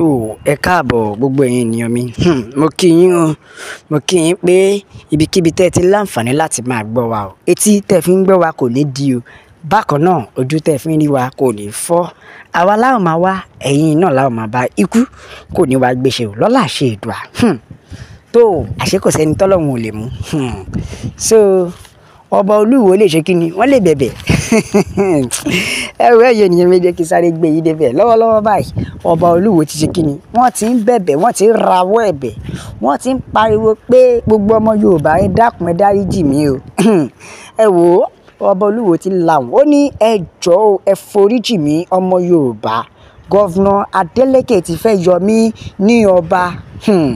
tó ẹ káàbọ̀ gbogbo ẹ̀yin ènìyàn mi. Hmm, mo kí yín o. Mo kí yín pé ibikíbi tẹ́ ti láǹfààní láti máa gbọ́ wa o. Etí tẹ́ fi ń gbọ́ wa kò ní di o. Bákan náà, ojú tẹ́ fi ń rí wa kò ní fọ́. Àwa la máa wá, ẹ̀yin náà la máa bá. Ikú kò ní wa gbéṣẹ́ o. Lọ́la ṣe èdùà. Hmm, tó àṣé kò sẹ́ni tọ́lọ́run ò lè mú. Hmm, so ọba olúwo lè ṣe kíni wọ́n lè bẹ̀bẹ̀ ẹwọ ẹyẹ ènìyàn méje kí sáré gbé yìí débẹ̀ lọ́wọ́lọ́wọ́ báyìí ọba olúwo ti ṣe kíni wọ́n ti ń bẹ̀bẹ̀ wọ́n ti ń rawọ́ ẹ̀bẹ̀ wọ́n ti ń pariwo pé gbogbo ọmọ yorùbá ẹ dákun ẹ dáríjì mí o ẹ wò ó ọba olúwo ti làwọn ó ní ẹ jọ̀ọ́ ẹ foríjì mí ọmọ yorùbá gọvnọ adeleke ti fẹ́ yọ mí ní ọba hmm,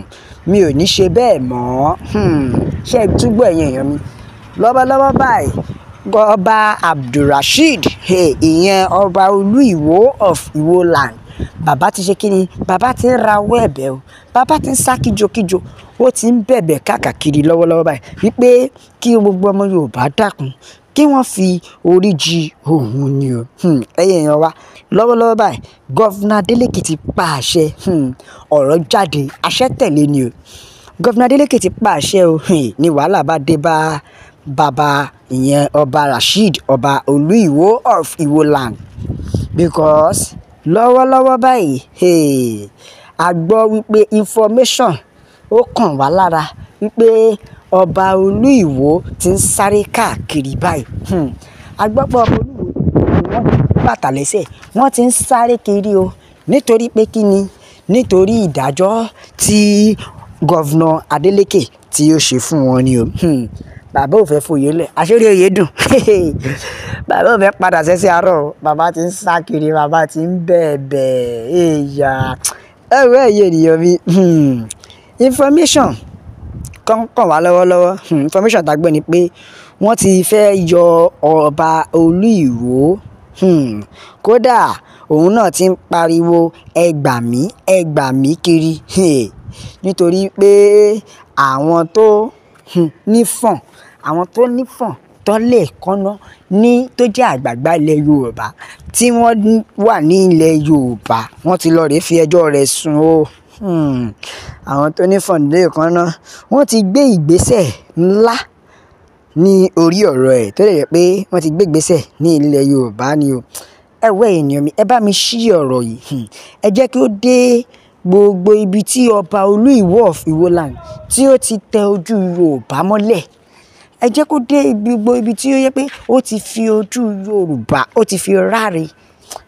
mi ò ní ṣe bẹ́ẹ̀ mọ́ hmm, ṣe é túbọ̀ ẹ̀yìn mi lọ́wọ́lọ́wọ́ báyìí ọba abdulrasheed ìyẹn ọba olú ìwó of ìwó land bàbá ti ṣe kíni bàbá ti ń rawọ́ ẹ̀bẹ̀ o bàbá ti ń sá kíjokíjo ó ti ń bẹ̀bẹ̀ káàkiri lọ́wọ́lọ́wọ́ báyìí wípé kí gbogbo ọmọ yorùbá dákun kí wọ́n fi orí ji òun ni o hmm, ẹ̀yẹ̀ èèyàn wa lọ́wọ́lọ́wọ́ báyìí gọ́fúnà adeleke ti pa àṣẹ hmm, ọ̀rọ̀ jáde àṣẹ tẹ̀lé ni o gọ́fúnà adeleke ti pa àṣẹ o hmm, ní wàhálà bá dé bá a. Baba, ìyẹn ọba rasheed ọba olú ìwó of ìwó land because lọ́wọ́lọ́wọ́ báyìí hey, a gbọ́ wípé information ó kàn wá lára wípé ọba olú ìwó ti ń sáré káàkiri báyìí hmm. a gbọ́ pé ọba olú ìwó wọ́n ti bàtà lẹ́sẹ̀ wọ́n ti ń sáré kiri o nítorí pé kí ni nítorí ìdájọ́ tí gọ́vnà Adeleke tí ó ṣe fún wọn ni o hmm bàbá ò fẹ́ fòye lẹ̀ àṣírí oyè dùn bàbá ò fẹ́ padà sẹ́sẹ́ àárọ̀ bàbá ti ń sá kiri bàbá ti ń bẹ̀ẹ̀bẹ̀ èèyà ẹ̀rọ ẹ̀yẹ ènìyàn mi hmm. information kan kàn wá lọ́wọ́lọ́wọ́ hmm. information tá a gbọ́ ni pé wọ́n ti fẹ́ yọ ọba olú ìwó hmm. kódà òun náà ti ń pariwo ẹgbàmí ẹgbàmí kiri nítorí pé àwọn tó nífọ̀n àwọn tó nífọ̀n tó lè kọ́ná ní tó jẹ́ àgbààgbà ilẹ̀ yorùbá tí wọ́n wà ní ilẹ̀ yorùbá wọ́n ti lọ rèé fi ẹjọ́ rẹ̀ sùn o àwọn tó nífọ̀n lè kọ́ná wọ́n ti gbé ìgbésẹ̀ ńlá ní orí ọ̀rọ̀ ẹ̀ tó lè jẹ́ pé wọ́n ti gbé ìgbésẹ̀ ní ilẹ̀ yorùbá ni o ẹ wẹ́ ènìyàn mi ẹ bá mi ṣí ọ̀rọ̀ yìí ẹ jẹ́ kí ó dé gbogbo ibi tí ọba olú ìwọ of tí ó ti tẹ ojú yorùbá mọ́lẹ̀ ẹ jẹ́ kó dé gbogbo ibi tí ó yẹ pé ó ti fi ojú yorùbá ó ti fi ráre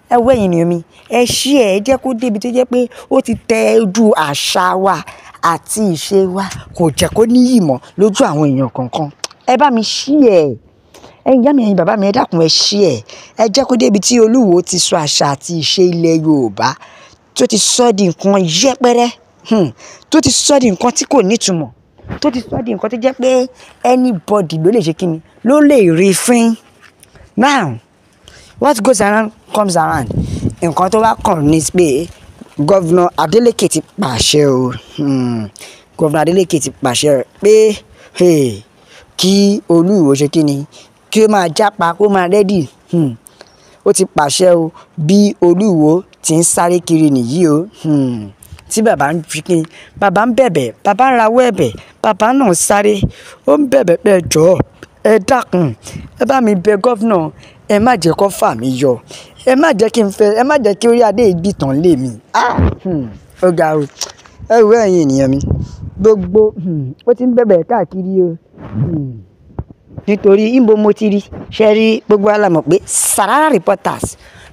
ẹ wọ ẹ̀yin mi ẹ ṣí ẹ ẹ kó dé ibi tó jẹ́ pé ó ti tẹ ojú àṣà wa àti ìṣe wa kò jẹ́ kó níyì mọ́ lójú àwọn èèyàn kankan ẹ bá mi ṣí ẹ ẹ̀yin ìyá mi ẹ̀yin bàbá mi ẹ dákun ẹ ṣí ẹ ẹ jẹ́ kó dé ibi tí olúwo ti sọ àṣà àti ìṣe ilẹ̀ yorùbá tó ti sọ di nǹkan yẹpẹrẹ hmm, tó ti sọ di nǹkan tí kò nítumọ̀ tó ti sọ di nǹkan tó jẹ́ pé anybody ló lè ṣe kí ni ló lè rí fín now what goes around comes around nǹkan tó bá kàn ní pé gọ́vnà Adeleke ti pàṣẹ o hmm, gọ́vnà Adeleke ti pàṣẹ pé kí Olúwo ṣe kí ni kí ó máa jápa kó máa rẹ́dì. Hmm ó ti pàṣẹ o bí olúwo ti ń sáré kiri nìyí o hmm. tí bàbá ń fi kí bàbá ń bẹ̀bẹ̀ bàbá ń rawọ́ ẹ̀bẹ̀ bàbá náà sáré ó ń bẹ̀bẹ̀ pé ẹ ẹ dákun ẹ bá mi bẹ̀ gọ́fìnà ẹ má jẹ́ kó fà mí yọ ẹ má jẹ́ kí n fẹ́ ẹ má jẹ́ kí orí adé ìgbìtàn lé mi ah, hmm, ó ga o ẹ wú ẹ̀yin ènìyàn mi gbogbo hmm, ó ti ń bẹ̀bẹ̀ káàkiri o nítorí ìbò mo ti rí ṣe rí gbogbo wa la mọ̀ pé Sàrárà reporters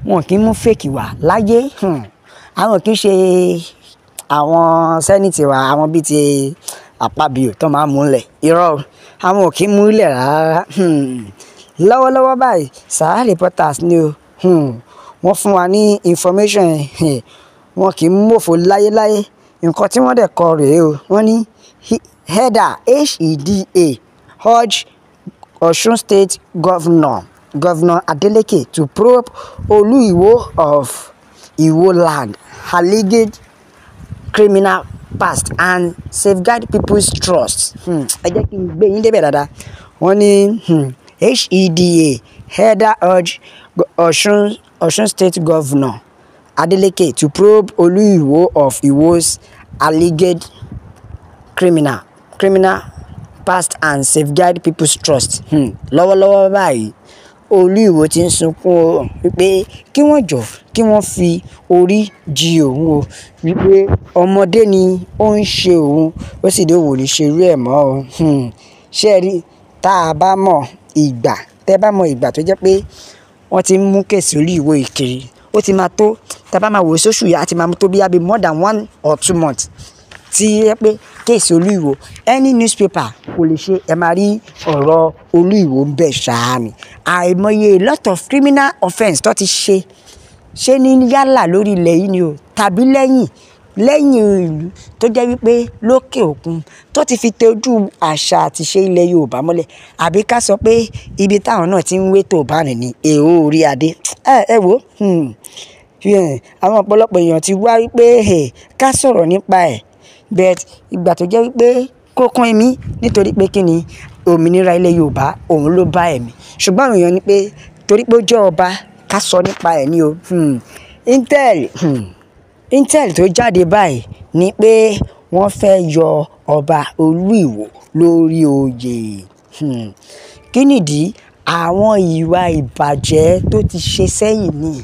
wọn kì í mú fèkì wá láyé hmm. àwọn kì í ṣe àwọn sẹ́nìtì wa àwọn bíi ti Àpábíò tó máa ń múlẹ̀ irọ́ àwọn ò kì í múlẹ̀ rárá hmm. lọ́wọ́lọ́wọ́ báyìí Sàrárà reporters ni o hmm. wọ́n fún wa ní information eh, wọn kì í mòfò láyéláyé nǹkan tí wọ́n dẹ̀ kọ rèé o wọ́n ní header heda hudge Osun State Governor Governor Adeleke to probe Oluiwo of Iwo Land alleged criminal past and safeguard people's trust. Hmm, ẹ jẹ́ kí n gbé yín débẹ̀ dáadáa. Wọ́n ní HEDA hmm, header urge Osun, Osun State Governor Adeleke to probe Oluiwo of Iwo's alleged criminal criminal past and safeguard people's trust um lọ́wọ́lọ́wọ́ báyìí olú ìwò ti ń sunkún o wípé kí wọ́n jọ̀ọ́ kí wọ́n fi orí ji òun o wípé ọmọdé ni ó ń ṣe òun ó sì dé òwò ṣe irú ẹ̀ mọ́ o hmm. ṣé ẹ rí tá a bá mọ ìgbà tẹ́ bá mọ ìgbà tó jẹ́ pé wọ́n ti ń mú kèsì olú ìwò ìkiri ó ti máa tó tá a bá máa wò sóṣù yá a máa mú tó bí more than one or two months ti yẹ pé kèsì olú ìwò any newspaper kò lè ṣe ẹ máa rí ọ̀rọ̀ olú ń bẹ̀ ṣáá àìmọye a lot of criminal offence tó ti ṣe ṣe ní yálà lórí ilẹ̀ yìí ni o tàbí lẹ́yìn lẹ́yìn ìlú tó jẹ́ wípé lókè òkun tó ti fi tọ́jú àṣà àti ṣe ilẹ̀ yorùbá mọ́lẹ̀ àbí ká sọ pé ibi táwọn náà ti ń wé tó bá nìní èèó orí adé ẹ ẹ wò hmm, àwọn ọ̀pọ̀lọpọ̀ èèyàn ti wá wípé ká sọ̀rọ̀ nípa ẹ̀ bẹ́ẹ̀ ìgbà tó jẹ́ wípé kó kún ẹ̀mí nítorí pé kí ni òmìnira ilẹ̀ yorùbá òun ló bá ẹ̀mí ṣùgbọ́n àwọn èèyàn ni pé torí pé ó jẹ́ ọba ká sọ nípa ẹ̀ ní o hmm. intel hmm. intel tó jáde báyìí ni pé wọ́n fẹ́ yọ ọba olú ìwò lórí oyè hmm. kí nìdí àwọn ìwà ìbàjẹ́ tó ti ṣe sẹ́yìn nìyí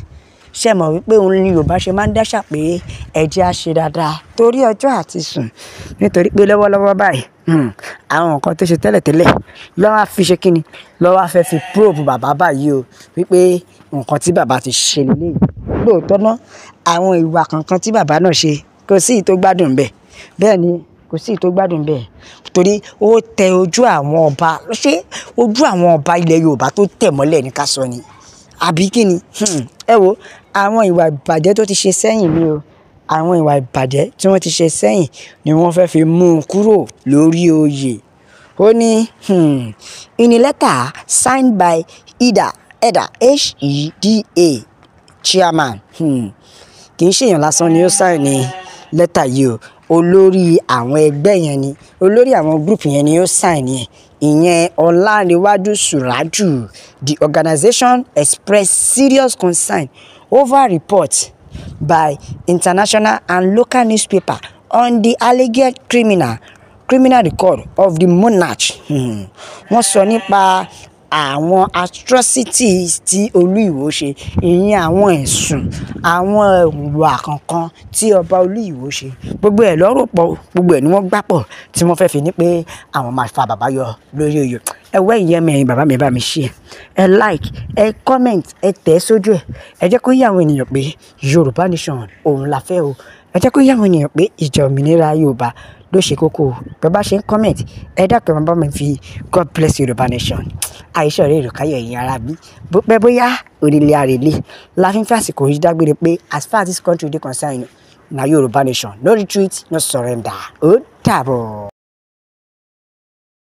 ṣe mọ̀ wípé òun ni Yorùbá ṣe máa ń dáṣà pé ẹ jẹ́ á ṣe dáadáa torí ọjọ́ àti sùn nítorí pé lọ́wọ́lọ́wọ́ báyìí hmm, àwọn nǹkan tó ṣe tẹ́lẹ̀tẹ́lẹ̀ lọ́wọ́ fi ṣe kíni lọ́wọ́ fẹ́ fi probe bàbá báyìí o wípé nǹkan tí bàbá ti ṣe lélẹ́yìí lóòótọ́ ná àwọn ìwà kankan tí bàbá náà ṣe kò sí ì gbádùn bẹ́ẹ̀ bẹ́ẹ̀ ni kò sí ì gbádùn bẹ́ẹ̀ torí ó tẹ ojú àwọn ọba ṣé ojú àwọn ọba ilẹ̀ Yorùbá tó tẹ̀ mọ́lẹ̀ ní ká sọ ni àbí kí ni hmm, ẹ wo àwọn ìwà ìbàjẹ́ tó ti ṣe sẹ́yìn ni o àwọn ìwà ìbàjẹ́ tí wọ́n ti ṣe sẹ́yìn ni wọ́n fẹ́ fi mú un kúrò lórí oyè ó ní hmm, in a letter signed by ida eda h-e-d-a chairman hmm, kì í ṣèyàn lásán ni ó sáìn ní lẹ́tà yìí o olórí àwọn ẹgbẹ́ yẹn ni olórí àwọn gúrùpù yẹn ni ó sáìn yẹn ìyẹn ọláníwájú sùràjù the organisation expressed serious concern over reports by international and local newspaper on the alleged criminal criminal record of the monarch hmm. wọ́n sọ nípa àwọn atrocities tí olúìwò ṣe ìyẹn àwọn ẹ̀sùn àwọn ìwà kankan tí ọba olúìwò ṣe gbogbo ẹ̀ lọ́rọ̀ pọ̀ gbogbo ẹ̀ ni wọ́n gbà pọ̀ tí wọ́n fẹ́ fi ní pé àwọn máa fa bàbá yọ lórí oyè ẹwọ ìyẹn mi ẹ̀yin bàbá mi ẹ bá mi share ẹ like ẹ comment ẹ tẹ̀ ẹ sójú ẹ ẹ jẹ́ kó yé àwọn ènìyàn pé yorùbá nation òun la fẹ́ o ẹ jẹ́ kó yé àwọn ènìyàn pé ìjà òmìnira yorùbá ló ṣe kókó o bàbá ṣe ń comment ẹ dákẹ́ bàbá mi fi god bless yorùbá nation àìsàn rẹ ìrọ̀káyọ̀ ẹ̀yin ara mi bó pẹ́ bóyá òrìlẹ̀ àrèlé la fi ń fẹ́ àsìkò yìí dágbére pé as far as this country dey concerned na yorùbá nation no retreat no surrender ó dàbọ̀.